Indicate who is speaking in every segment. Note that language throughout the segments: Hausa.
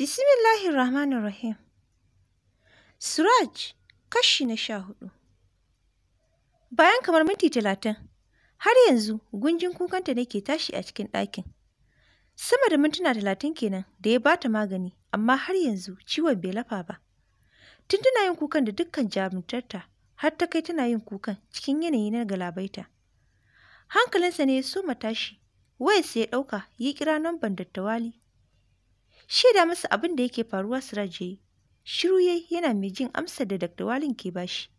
Speaker 1: Bismillahir Rahmanir Rahim. Suraj, kashi na sha hudu. Bayan kamar minti talatin, har yanzu gunjin kukanta ne ke tashi a cikin ɗakin. Sama da mintuna talatin kenan da ya bata magani, amma har yanzu ciwon bai lafa ba. Tun tana yin kukan da dukkan jarumtarta, har ta kai tana yin kukan cikin yanayi na galabaita. Hankalinsa ne ya soma tashi, wayarsa ya ɗauka yi kira namban dattawali shaida masa abin da yake faruwa su raje shiru yayi yana mai jin amsa da Dr. Walin ke bashi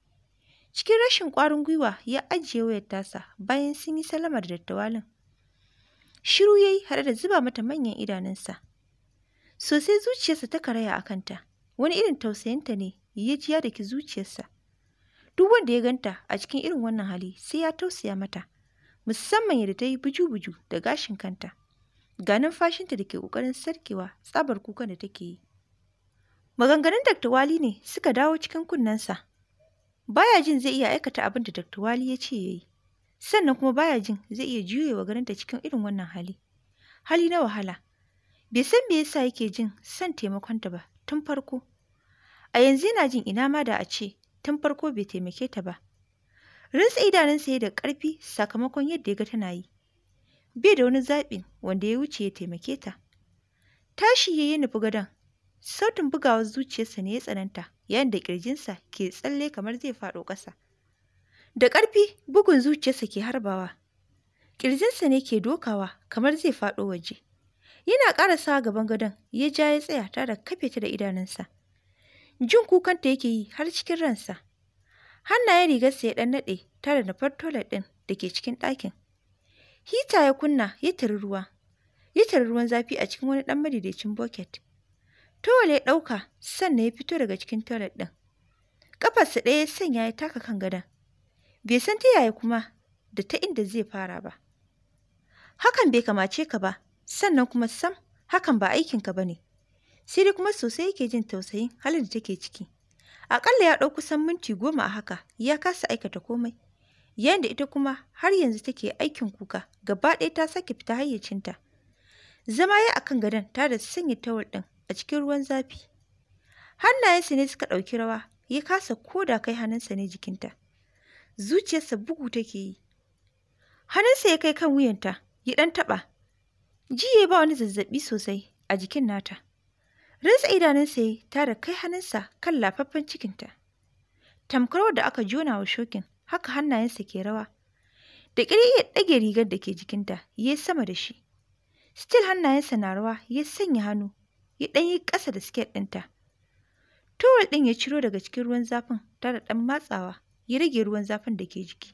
Speaker 1: cikin rashin kwarin gwiwa ya ajiye wayar tasa bayan sun yi salamar Dr. Walin shiru yayi haɗe da zuba mata manyan idanunsa sosai zuciyarsa ta karaya a kanta wani irin tausayinta ne ya ji ya daki zuciyarsa duk wanda ya ganta a cikin irin wannan hali sai ya tausaya mata musamman yadda ta yi buju-buju da gashin kanta Ganin fashinta da ke ƙoƙarin sarkewa tsabar kukan da take yi. Maganganun Dr. Wali ne suka dawo cikin kunnensa. Baya jin zai iya aikata abin da Dr. Wali ya ce ya yi, sannan kuma baya jin zai iya juyewa garinta cikin irin wannan hali. Hali na wahala. Bai san me yasa yake jin son taimakonta ba tun farko. A yanzu yana jin ina ma da a ce tun farko bai taimake ta ba. Rinsa idanunsa da ƙarfi sakamakon yadda ya ga tana yi. bai da wani zaɓin wanda ya wuce ya taimake ta. Tashi ya yi nufi gadon, sautin bugawar zuciyarsa ne ya tsananta yayin da ƙirjinsa ke tsalle kamar zai faɗo ƙasa. Da ƙarfi bugun zuciyarsa ke harbawa, ƙirjinsa ne ke dokawa kamar zai faɗo waje. Yana ƙara ƙarasawa gaban gadon ya ja ya tsaya tare da kafe ta da idanunsa. Jin kukanta yake yi har cikin ransa. Hannayen rigarsa ya ɗan naɗe tare da fartolar ɗin da ke cikin ɗakin. Hita ya kunna ya tari ruwa. Ya tari ruwan zafi a cikin wani ɗan madaidaicin bucket. Towel ya ɗauka sannan ya fito daga cikin toilet ɗin. Ƙafarsa ɗaya sanya ya taka kan gadon. Bai san ta yaya kuma da ta inda zai fara ba. Hakan bai kamace ka ba, sannan kuma sam hakan ba aikinka ba ne. Sai dai kuma sosai yake jin tausayin halin da take ciki. Akalla ya ɗau kusan minti goma a haka, ya kasa aikata komai. yayin da ita kuma har yanzu take aikin kuka gaba ɗaya ta sake fita hayyacinta. Zama ya akan gadon ta da sanya tawul ɗin a cikin ruwan zafi. Hannayensa ne suka ɗauki rawa ya kasa koda kai hannunsa ne jikinta. Zuciyarsa bugu take yi. Hannunsa ya kai kan wuyanta ya ɗan taɓa. ya ba wani zazzaɓi sosai a jikin nata. Rinsa idanunsa ya tara kai hannunsa kan lafaffen cikinta. Tamkar wadda aka jona wa shokin haka hannayensa ke rawa. Da ƙiri ya ɗage rigar da ke jikinta, ya sama da shi. Still hannayensa na rawa, ya sanya hannu, ya ɗan yi ƙasa da siket ɗinta. Towel ɗin ya ciro daga cikin ruwan zafin tare da ɗan matsawa, ya rage ruwan zafin da ke jiki.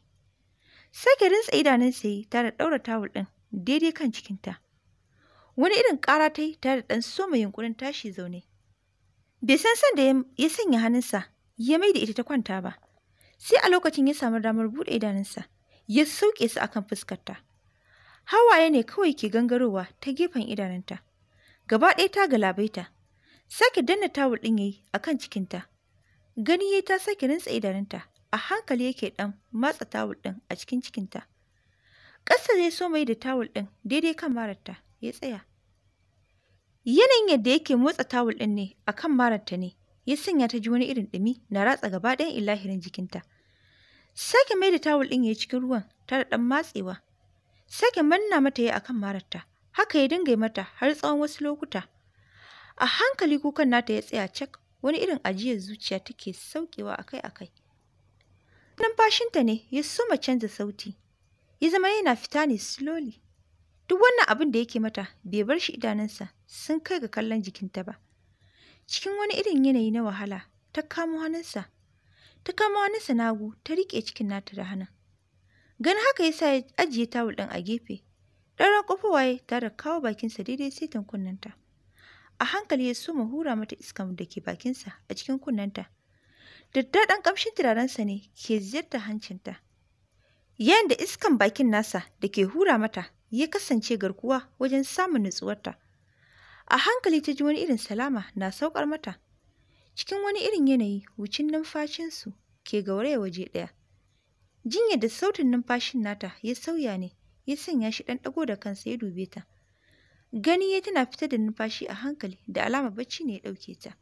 Speaker 1: Sake rinsa idanunsa yi tare da ɗaura tawul ɗin daidai kan cikinta. Wani irin ƙara ta yi tare da ɗan soma yunƙurin tashi zaune. Bai san sanda ya sanya hannunsa ya mai da ita ta kwanta ba. sai a lokacin ya samu damar buɗe idanunsa ya sauke su akan fuskarta hawaye ne kawai ke gangarowa ta gefen idanunta gaba ɗaya ta galabaita sake danna tawul ɗin yayi akan cikinta gani yayi ta sake rinsa idanunta a hankali yake ɗan matsa tawul ɗin a cikin cikinta ƙasa zai so mai da tawul ɗin daidai kan mararta ya tsaya yanayin yadda yake motsa tawul ɗin ne akan mararta ne ya sanya ta ji wani irin ɗumi na ratsa gaba ɗayan ilahirin jikinta. Sake mai da tawul ɗin ya yi cikin ruwan ta da ɗan matsewa. Sake manna mata ya akan mararta, haka ya dinga mata har tsawon wasu lokuta. A hankali kukan nata ya tsaya cak wani irin ajiyar zuciya take saukewa akai-akai. Numfashinta ne ya soma canza sauti, ya zama yana fita ne slowly. Duk wannan abin da yake mata bai bar shi idanunsa sun kai ga kallon jikinta ba. cikin wani irin yanayi na wahala ta kamo hannunsa ta kamo hannunsa nagu ta riƙe cikin nata da hannun ganin haka ya sa ya ajiye tawul ɗin a gefe ɗaran ƙofa waye ta da kawo bakinsa daidai saitin kunnenta a hankali ya soma hura mata iskan da ke bakinsa a cikin kunnenta daɗan ƙamshin turarensa ne ke ziyarta hancinta yayin da iskan bakin nasa da ke hura mata ya kasance garkuwa wajen samun nutsuwarta A hankali ta ji wani irin salama na saukar mata. Cikin wani irin yanayi, wucin numfashinsu ke gauraya waje ɗaya. Jinyar da sautin numfashin nata ya sauya ne, ya sanya shi ɗan ɗago da kansa ya dube ta. Gani ya tana fita da numfashi a hankali da alama bacci ne ya ɗauke ta.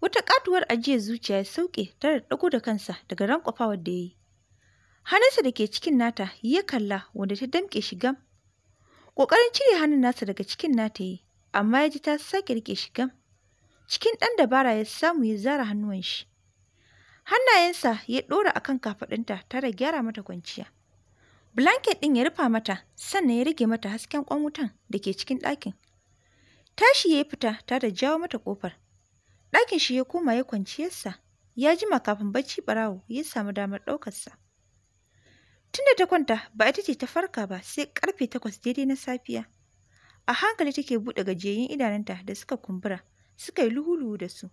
Speaker 1: Wata ƙatuwar ajiyar zuciya ya sauke tare da ɗago da kansa daga ran rankwafawar da ya yi. Hannunsa da ke cikin nata ya kalla wanda ta damƙe shi gam. Ƙoƙarin cire hannun nasa daga cikin nata yi, amma ya ji ta sake riƙe shi gam. Cikin ɗan dabara ya samu ya zara hannuwan shi. Hannayensa ya ɗora akan kafaɗinta tare gyara mata kwanciya. Blanket ɗin ya rufa mata sannan ya rage mata hasken ƙwan wutan da ke cikin ɗakin. Tashi ya fita tare jawo mata ƙofar. Ɗakin shi ya koma ya kwanciyarsa. Ya jima kafin bacci barawo, ya samu damar ɗaukarsa. Tunda ta kwanta ba ita ce ta farka ba sai karfe takwas daidai na safiya. A hankali take buɗe gajiyayyen idanunta da suka kumbura, suka yi luhu-luhu da su.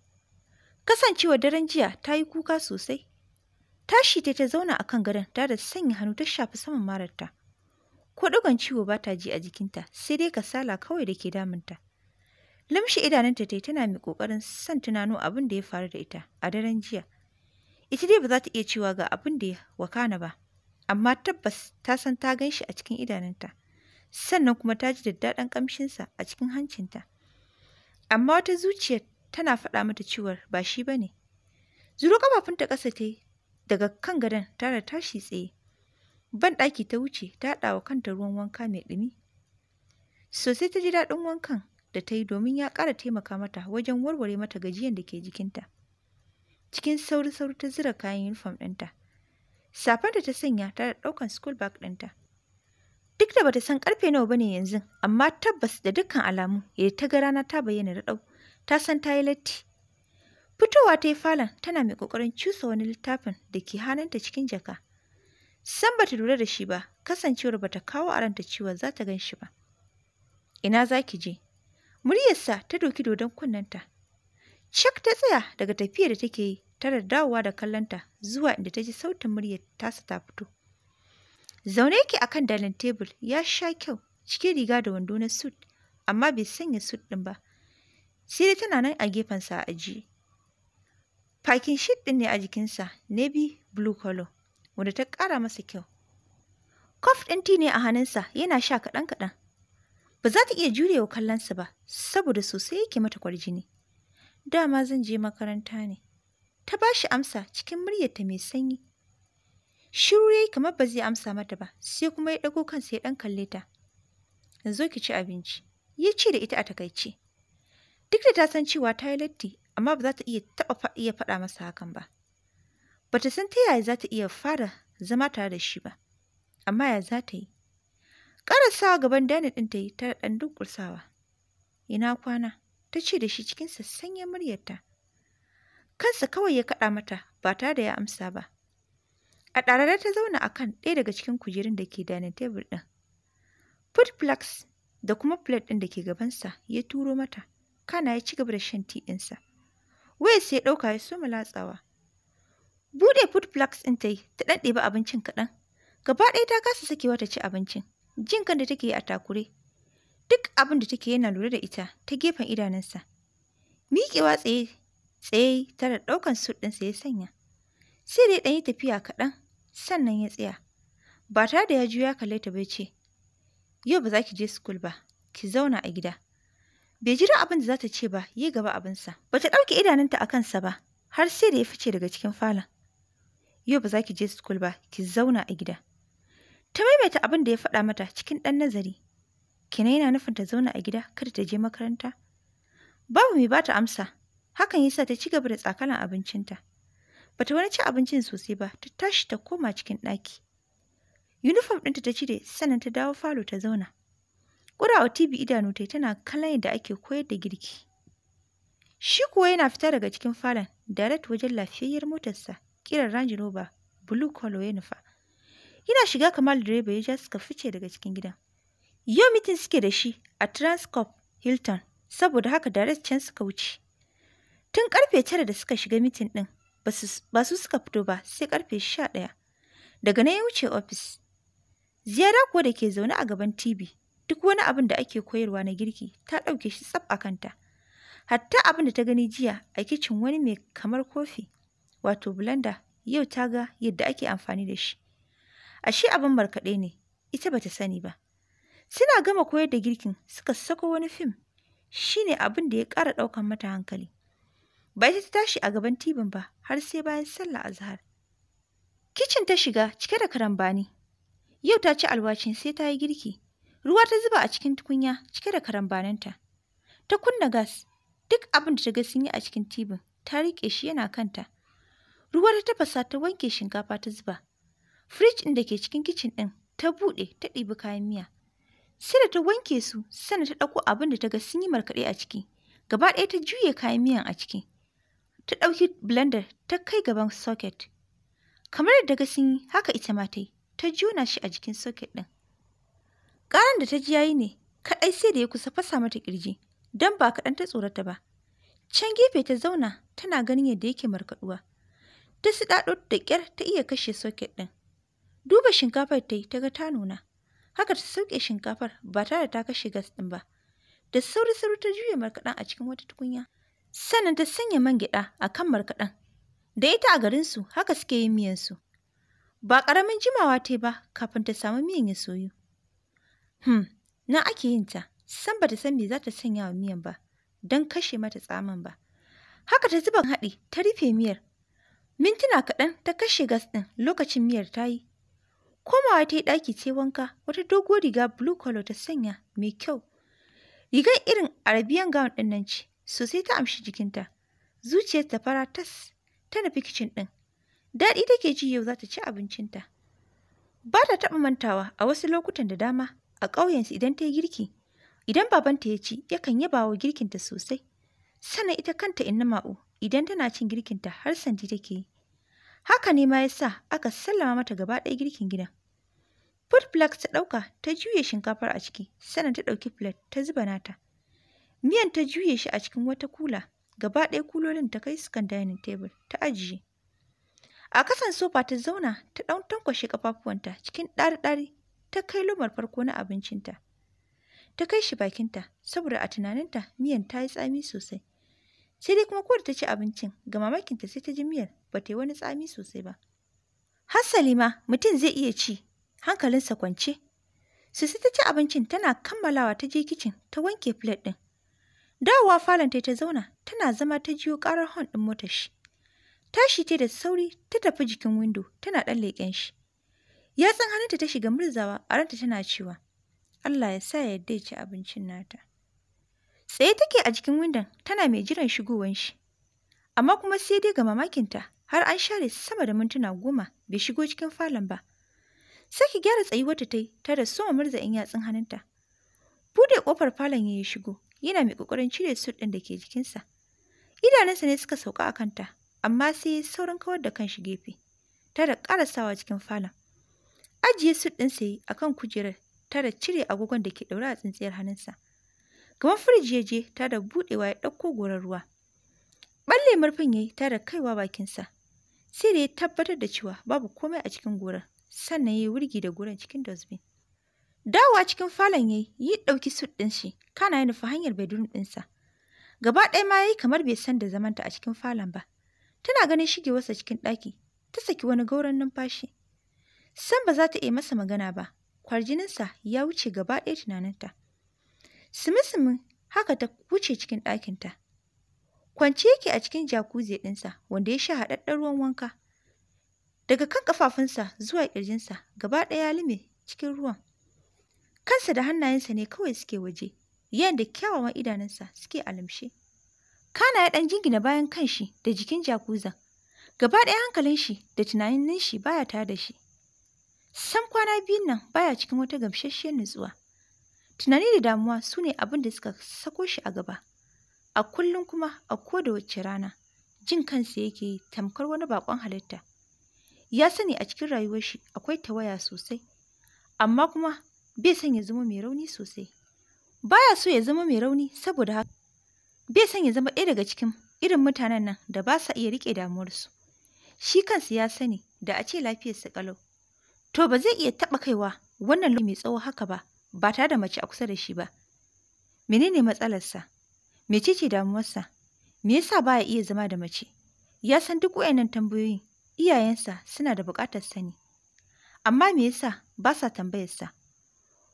Speaker 1: Kasancewa daren jiya ta yi kuka sosai. Tashi ta ta zauna a kan gadon ta da sanya hannu ta shafi saman mararta. Ko ɗigon ciwo ba ta ji a jikinta sai dai kasala kawai da ke damunta. Lamshi idanunta ta tana mai ƙoƙarin son tunano abin da ya faru da ita a daren jiya. Ita dai ba za ta iya cewa ga abin da ya wakana ba, amma tabbas ta san ta gan shi a cikin idanunta. sannan kuma ta ji da daddaɗan ƙamshinsa a cikin hancinta. Amma wata zuciyar tana faɗa mata cewar ba shi ba ne. Zuro ƙafafunta ƙasa ta daga kan gadon tare tashi tsaye. Ban ɗaki ta wuce ta haɗawa kanta ruwan wanka mai ɗumi. Sosai ta ji daɗin wankan da ta yi domin ya ƙara taimaka mata wajen warware mata gajiyan da ke jikinta. Cikin sauri-sauri ta zira kayan yunifom ɗinta. Safar ta sanya ta da ɗaukan school bag ɗinta. Duk da bata san karfe nawa bane yanzu, amma tabbas da dukkan alamu yadda ta ga rana ta bayyana da ɗau, ta san ta yi latti. Fitowa ta yi falon tana mai ƙoƙarin cusa wani littafin da ke ta cikin jaka. San bata lura da shi ba, kasancewar bata kawo a ranta cewa za ta gan shi ba. Ina za ki je? Muryarsa ta doki dodon kunnenta. Chuck ta tsaya daga tafiyar da take yi, tana da dawowa da kallonta zuwa inda ta ji sautin muryar tasa ta fito. Zaune yake akan dalin tebul ya sha kyau cikin riga da wando na sut amma bai sanya sut din ba. Sai dai tana nan a gefen gefensa a ji. Fakin shit din ne a jikinsa navy blue color wanda ta kara masa kyau. Kof ɗin ti ne a hannunsa yana sha kaɗan-kaɗan. Ba za ta iya jurewa kallonsa ba saboda sosai yake mata kwarjini. Dama zan je makaranta ne. Ta ba shi amsa cikin muryarta mai sanyi. Shiru yayi kamar ba zai amsa mata ba, sai kuma ya ɗago kansa ya ɗan kalle ta. Zo ki ci abinci, ya ce da ita a takaice. Duk da ta san cewa ta yi latti, amma ba za ta iya taɓa iya faɗa masa hakan ba. Ba ta san ta yaya za ta iya fara zama tare da shi ba, amma ya za ta yi. Karasawa gaban dani ɗin ta yi tare ɗan dunkursawa. Ina kwana, ta ce da shi cikin sassanyen muryarta. Kansa kawai ya kaɗa mata ba tare da ya amsa ba. A ɗarare ta zauna a kan ɗaya daga cikin kujerun da ke dining table ɗin. Food da kuma plate ɗin da ke gabansa ya turo mata, kana ya ci gaba da shan ti ɗinsa. sai ya ɗauka ya soma latsawa. Buɗe food flax ɗin ta yi, ta ɗan ɗebi abincin kaɗan. Gaba ɗaya ta kasa sakewa ta ci abincin, jin kan da take yi a takure. Duk abin da take yana lura da ita ta gefen idanunsa. Miƙewa tsaye tsaye tare ɗaukan suit ɗinsa ya sanya. Sai dai ɗan yi tafiya kaɗan sannan ya tsaya. Ba tare da ya juya kalle ta bai ce, Yau ba za ki je sukul ba, ki zauna a gida. Bai jira abin da za ta ce ba, yi gaba abinsa. Ba ta ɗauke idanunta a kansa ba, har sai da ya fice daga cikin falon. Yau ba za ki je sukul ba, ki zauna a gida. Ta maimaita abin da ya faɗa mata cikin ɗan nazari. Kina yana nufin ta zauna a gida kada ta je makaranta? Babu mai ba ta amsa, hakan yasa ta ci gaba da tsakalan abincinta. Bata wani ci abincin sosai ba, ta tashi ta koma cikin ɗaki. Yunifom ɗinta ta cire sannan ta dawo falo ta zauna. Ƙurawa TV idanu ta tana kallon yadda ake koyar da girki. Shi kuwa yana fita daga cikin falon, direct wajen lafiyayyar motarsa, kiran Range Rover, Blue Color ya nufa. Yana shiga kamar direba ya ja suka fice daga cikin gidan. Yau mitin suke da shi a Transcorp Hilton, saboda haka direct can suka wuce. Tun karfe tara da suka shiga mitin ɗin, ba su suka fito ba sai karfe sha ɗaya. Daga na ya wuce ofis. Ziyara kuwa da ke zaune a gaban TV, duk wani abin da ake koyarwa na girki ta ɗauke shi tsaf a kanta. Hatta abin da ta gani jiya a kicin wani mai kamar kofi, wato blender, yau ta ga yadda ake amfani da shi. Ashe abin markaɗe ne, ita bata sani ba. Suna gama koyar da girkin suka sako wani fim, shine abin da ya ƙara ɗaukan mata hankali. Bai ta tashi a gaban tibin ba har sai bayan sallah azhar. Kicin ta shiga cike da karambani. Yau ta ci alwacin sai ta yi girki. Ruwa ta zuba a cikin tukunya cike da karambaninta. Ta kunna gas. Duk abin da ta ga sun yi a cikin tibin ta riƙe shi yana kanta. Ruwa ta tafasa ta wanke shinkafa ta zuba. Firij ɗin da ke cikin kicin ɗin ta buɗe ta ɗibi kayan miya. sai da ta wanke su sannan ta ɗauko abin da ta ga sun yi markaɗe a ciki gaba ɗaya ta juye kayan miyan a ciki ta ɗauki blender ta kai gaban socket. Kamar da sun yi haka ita ma ta yi, ta juna shi a jikin socket ɗin. Ƙaran da ta ji yayi ne, kaɗai sai da ya kusa fasa mata ƙirji, don ba kaɗan ta tsorata ba. Can gefe ta zauna tana ganin yadda yake markaɗuwa. Ta ɗaɗo da ƙyar ta iya kashe socket ɗin. Duba shinkafar ta yi ta ga ta nuna. Haka ta sauke shinkafar ba tare da ta kashe gas ɗin ba. Da sauri sauri ta juya markaɗan a cikin wata tukunya. sannan ta sanya man gyaɗa a kan markaɗen. Da ita a garinsu haka suke yin miyansu. Ba ƙaramin jimawa ta ba kafin ta samu miyan ya soyu. Hmm, na ake yin ta, san ba ta san me za ta sanya wa miyan ba, don kashe mata tsaman ba. Haka ta zuba haɗi ta rufe miyar. Mintuna kaɗan ta kashe gas ɗin lokacin miyar ta yi. Komawa ta yi ɗaki ce wanka, wata doguwar riga blue color ta sanya mai kyau. Rigar irin Arabiyan gawan ɗin nan ce, sosai ta amshi jikinta zuciyar ta fara tas ta nufi kicin ɗin daɗi take ji yau za ta ci abincinta ba ta taɓa mantawa a wasu lokutan da dama a ƙauyensu idan ta yi girki idan babanta ya ci yakan yaba wa girkinta sosai sannan ita kanta inna ma'u idan tana cin girkinta har santi take yi haka ne ma ya sa aka sallama mata gaba ɗaya girkin gidan food ta ɗauka ta juya shinkafar a ciki sannan ta ɗauki plate ta zuba nata Miyan ta juye shi a cikin wata kula, gaba ɗaya kulolin ta kai su kan dining table ta ajiye. A kasan sofa ta zauna ta ɗan tankwashe kafafuwanta cikin ɗari-ɗari ta kai lumar farko na abincinta. Ta kai shi bakinta saboda a tunaninta miyan ta yi tsami sosai. Sai dai kuma kowar ta ci abincin ga mamakinta sai ta ji miyar ba ta yi wani tsami sosai ba. Hassali ma mutum zai iya ci hankalinsa kwance. sai ta ci abincin tana kammalawa ta je kicin ta wanke filet ɗin. Dawowa falon ta zauna, tana zama ta jiyo ƙarar hon ɗin motar shi. Tashi ta da sauri ta tafi jikin windo tana ɗan leƙen shi. Yatsun hannunta ta shiga murzawa a ranta tana cewa, Allah ya sa ya ci abincin nata. Tsaye take a jikin windon tana mai jiran shigowan shi. Amma kuma sai dai ga mamakinta har an share sama da mintuna goma bai shigo cikin falon ba. Sai ki gyara tsayuwarta ta yi ta da soma murza in yatsun hannunta. Bude kofar falon ya yi shigo. yana mai kokarin cire sut ɗin da ke jikinsa. Idanunsa ne suka sauka a kanta, amma sai ya saurin kawar da kanshi gefe, tare sawa cikin falon. Ajiye sut ɗin sai a kan kujerar, tare cire agogon da ke ɗaure a tsintsiyar hannunsa. Kamar firiji ya je, tare buɗewa ya ɗauko gorar ruwa. Ɓalle murfin ya yi tare kaiwa bakinsa. Sai da ya tabbatar da cewa babu komai a cikin gorar, sannan ya yi wurgi da gorar cikin dosbin. Dawa cikin falon ya yi ɗauki sut ɗin shi, kana ya nufi hanyar bedroom ɗinsa. Gaba ɗaya ma ya yi kamar bai san da zamanta a cikin falon ba. Tana ganin shigewarsa cikin ɗaki, ta saki wani gauran numfashi. San ba za ta iya masa magana ba, kwarjininsa ya wuce gaba ɗaya tunaninta. sumi haka ta wuce cikin ɗakinta. Kwance yake a cikin jakuzi ɗinsa wanda ya sha haɗaɗɗen ruwan wanka. Daga kan kafafunsa zuwa ƙirjinsa gaba ɗaya ya lume cikin ruwan. kansa da hannayensa ne kawai suke waje yadda kyawawan idanunsa suke alamshe kana ya ɗan jingina bayan kanshi da jikin jakuza gaba ɗaya hankalin shi da tunanin shi baya tare da shi San kwana biyun nan baya cikin wata gamsasshiyar nutsuwa tunani da damuwa su ne abin da suka sako shi a gaba a kullum kuma a ko da wacce rana jin kansa yake yi tamkar wani bakon halitta ya sani a cikin rayuwar shi akwai tawaya sosai amma kuma bai son ya zama mai rauni sosai baya so ya zama mai rauni saboda haka bai son ya zama ɗaya daga cikin irin mutanen nan da ba sa iya riƙe damuwarsu shi kansu ya sani da a ce lafiyarsa ƙalau to ba zai iya taɓa kaiwa wannan lokaci mai tsawo haka ba ba tare da mace a kusa da shi ba menene matsalarsa mecece damuwarsa me yasa baya iya zama da mace ya san duk wayannan tambayoyin iyayensa suna da buƙatar sani amma me yasa ba sa tambayarsa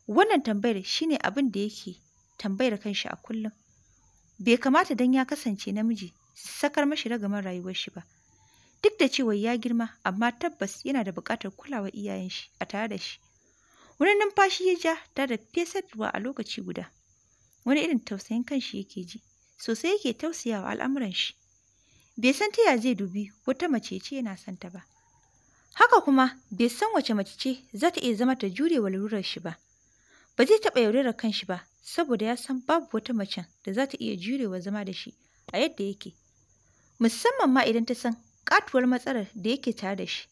Speaker 1: Wannan tambayar shi ne abin da yake tambayar kanshi a kullum. Bai kamata don ya kasance namiji su sakar mashi ragamar rayuwar shi ba. Duk da cewa ya girma, amma tabbas yana da buƙatar kulawa iyayen shi a tare da shi. Wani numfashi ya ja ta da ruwa a lokaci guda. Wani irin tausayin kanshi yake ji, sosai yake tausayawa al'amuran shi. Bai san ta ya zai dubi wata mace ce yana santa ba. Haka kuma bai san wace mace ce za ta iya zama ta jure wa lalurar shi ba. Ba zai taɓa yaudarar kanshi ba, saboda ya san babu wata macen da za ta iya jurewa zama da shi a yadda yake. Musamman ma idan ta san katuwar matsalar da yake tare da shi.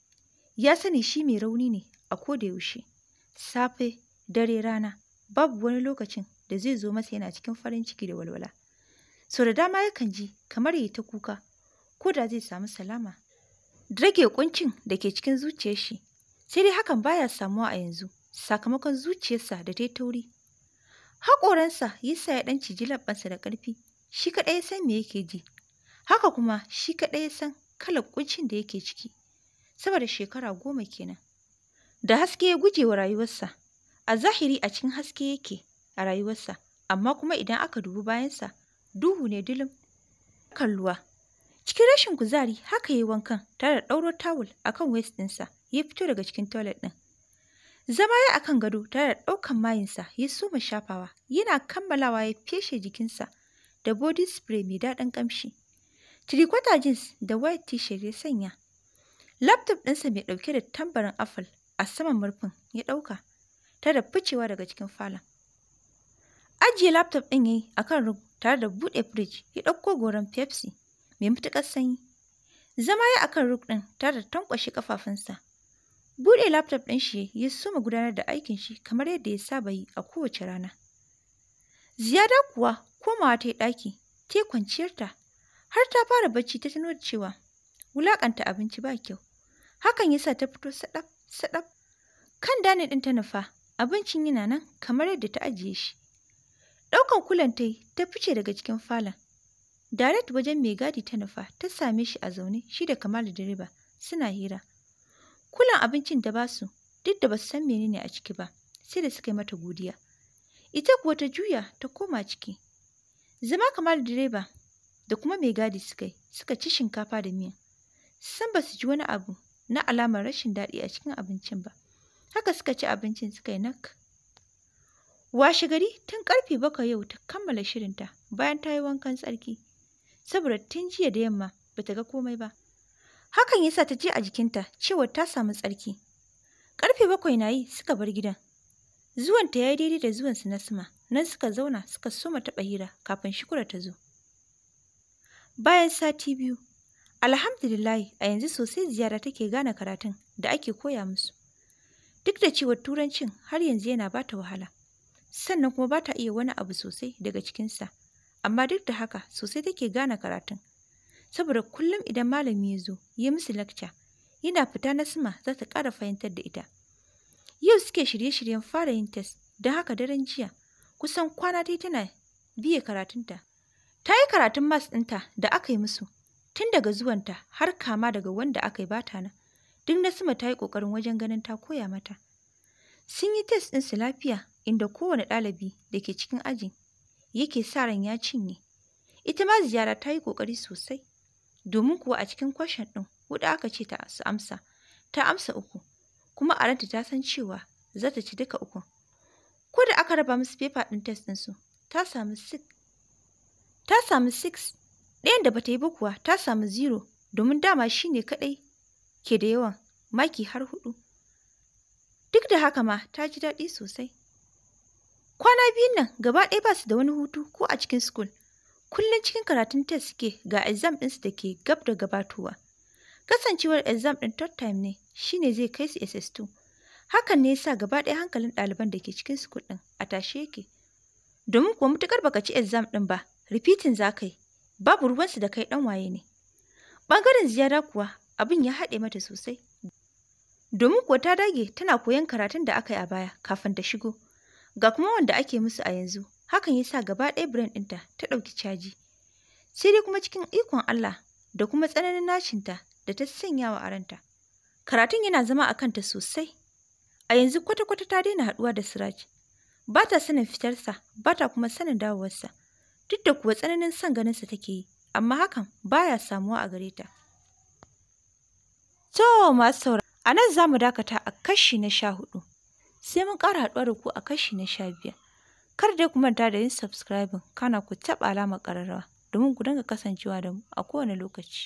Speaker 1: Ya sani shi mai rauni ne a ko da yaushe. Safe, dare, rana, babu wani lokacin da zai zo masa yana cikin farin ciki da walwala. Sau da dama yakan ji kamar ya yi ta kuka, ko da zai samu salama. Rage kuncin da ke cikin zuciyar shi, sai dai hakan baya samuwa a yanzu. sakamakon zuciyarsa da ta yi tauri. Haƙoransa ya sa ya ɗan ciji labbansa da ƙarfi, shi kaɗai ya san me yake ji, haka kuma shi kaɗai ya san kalar ƙuncin da yake ciki, saboda shekara goma kenan. Da haske ya guje wa rayuwarsa, a zahiri a cikin haske yake a rayuwarsa, amma kuma idan aka dubi bayansa, duhu ne dilim. Kalluwa, cikin rashin kuzari haka yi wankan tare da ɗauro tawul akan waist ɗinsa ya fito daga cikin toilet ɗin. Zama ya akan gado tare da ɗaukan mayinsa ya soma shafawa, yana kammalawa ya feshe jikinsa da body spray mai daɗin ƙamshi. Tirikwata jeans da white t-shirt ya sanya. Laptop ɗinsa mai ɗauke da tambarin Apple a saman murfin ya ɗauka, tare da ficewa daga cikin falon. Ajiye laptop ɗin ya yi a kan rug tare da buɗe firij ya ɗauko goron Pepsi mai matuƙar sanyi. Zama ya akan rug ɗin tare da tankwashe ƙafafunsa Buɗe laptop ɗin shi ya soma gudanar da aikin shi kamar yadda ya saba yi a kowace rana. Ziyada kuwa komawa ta yi ɗaki, ta yi kwanciyarta, har ta fara bacci ta tuno da cewa wulaƙanta abinci ba kyau. Hakan ya sa ta fito saɗaf saɗaf. Kan dani ɗin ta nufa, abincin yana nan kamar yadda ta ajiye shi. Ɗaukan kulan ta ta fice daga cikin falon. Daret wajen mai gadi ta nufa ta same shi a zaune shi da da direba suna hira. Kulan abincin da ba su duk da ba su san menene a ciki ba, sai da suka yi mata godiya. Ita kuwa ta juya ta koma ciki. Zama kamar direba da kuma mai gadi suka yi, suka ci shinkafa da miya. San ba su ji wani abu na alamar rashin daɗi a cikin abincin ba. Haka suka ci abincin suka yi nak. Washe gari tun karfe bakwai yau ta kammala shirinta bayan ta yi wankan tsarki. Saboda tun jiya da yamma bata ga komai ba. Hakan yasa ta je a jikinta cewa ta samu tsarki. Karfe bakwai na yi suka bar gidan. Zuwanta ya yi daidai da zuwansu na suma, nan suka zauna suka soma taɓa hira kafin shukura ta zo. Bayan sati biyu, alhamdulillahi a yanzu sosai ziyara take gane karatun da ake koya musu. Duk da cewa turancin har yanzu yana ba ta wahala, sannan kuma ba ta iya wani abu sosai daga cikinsa, amma duk da haka sosai take gane karatun saboda kullum idan malami ya zo ya musu lakca yana fita na sama za ta ƙara fahimtar da ita. Yau suke shirye-shiryen fara yin test da haka daren jiya kusan kwana dai tana biye karatunta. Ta yi karatun mas ɗinta da aka yi musu tun daga zuwanta har kama daga wanda aka yi bata na duk na sama ta yi ƙoƙarin wajen ganin ta koya mata. Sun yi test ɗinsu lafiya inda kowane ɗalibi da ke cikin aji yake sa ran ya cinye. Ita ma ziyara ta yi ƙoƙari sosai. domin kuwa a cikin kwashen ɗin huɗu aka ce ta su amsa ta amsa uku kuma a ranta ta san cewa za ta ci duka uku. ko da aka raba musu fefa ɗin test ɗinsu ta samu 6 ta samu ɗayan da bata yi ba kuwa ta samu 0 domin dama shi ne kaɗai ke da yawan maki har huɗu. duk da haka ma ta ji daɗi sosai kwana biyun nan gaba ɗaya ba su da wani hutu ko a cikin school kullum cikin karatun test suke ga exam ɗinsu da ke gab da gabatowa. Kasancewar exam ɗin third time ne shine zai kai su SS2. Hakan ne yasa gaba ɗaya hankalin ɗaliban da ke cikin school ɗin a tashe yake. Domin kuwa mutukar baka ci exam ɗin ba, repeating za ka yi, babu ruwansu da kai ɗan waye ne. Ɓangaren ziyara kuwa abin ya haɗe mata sosai. Domin kuwa ta dage tana koyon karatun da aka yi a baya kafin ta shigo, ga kuma wanda ake musu a yanzu hakan ya sa gaba ɗaya brand ɗinta ta ɗauki caji sai dai kuma cikin ikon Allah da kuma tsananin nashinta da ta sanya wa aranta karatun yana zama a kanta sosai a yanzu kwata-kwata ta daina haɗuwa da siraj ba ta sanin fitarsa ba ta kuma sanin dawowarsa duk da kuwa tsananin son ganinsa take yi amma hakan baya samuwa a gare ta to masu saura! a nan za mu dakata a kashi na sha hudu sai mun ƙara haɗuwa da ku a kashi na sha biyar Kar dai ku manta da yin subscribe kana ku taɓa alama ƙararrawa domin ku dinga kasancewa da mu a kowane lokaci.